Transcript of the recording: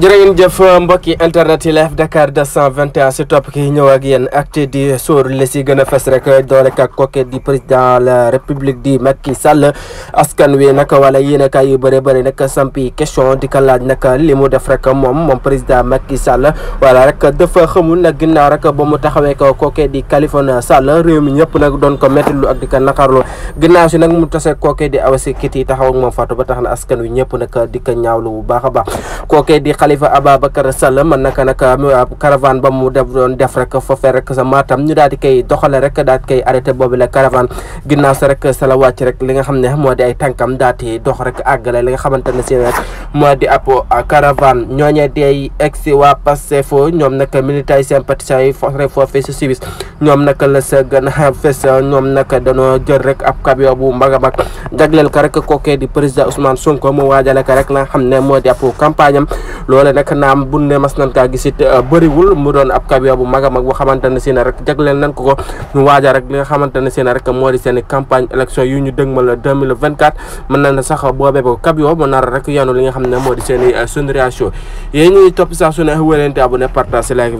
jërë ngeen jëf mbokki internet yi Live Dakar 221 si topp ki ñëw ak yéen acte di sóor li si gën a fes rek doole ak kooke di président la république di Macky Sall askan wi nag wala yéen kaay yu bëri bëri nag sampi question di ka laaj nag li mu def rek moom moom président Macky Sall wala rek dafa xamu nag ginnaaw rek ba mu taxawee ko kooke di Khalifa Sall réew mi ñëpp nag doon ko méttilu ak di ko naqarlu ginnaaw si nag mu tase kooke di Awassi Kiti taxaw ak moom Fatou ba tax na askan wi ñëpp nag di ko ñaawlu bu baax a baax kookee di xalifa Ababacar Sall man naka nag ah, ah, caravane ba mu def doon def rek foofee rek sa Matam ñu daal di koy doxale rek daal di koy arrêté boobu la caravane ginnaaw sa rek sa la wàcc rek li nga xam ne moo di ay tànkam daal di dox rek àggale li nga xamante ne si nag moo di ab ah, caravane ñooñee day ex waa Pastef ñoom nag militants yi sympathisants yi fore foofee si Suisse ñoom nag la sa gën a fes ñoom nag dañoo jël rek ab camion bu mag a mag jagleel ko rek kookee di président Ousmane Sonko mu waajale ko rek la nga xam ne moo di ab campagne yem loole nag naam bu ne mas nañ kaa gis it euh, mu doon ab kabiyo bu mag mag boo xamante ne ne rek jagleel nañ ko ko ñu waaja rek li nga xamante ne si ne rek moo di seen campagne élection yu ñu dëgmal 2024 mën na ne sax boobee ko kabiyo mu nar rek yanu li nga xam ne moo di seen i euh, sunu réaction ñuy topp saa su ne wérante abonné partage like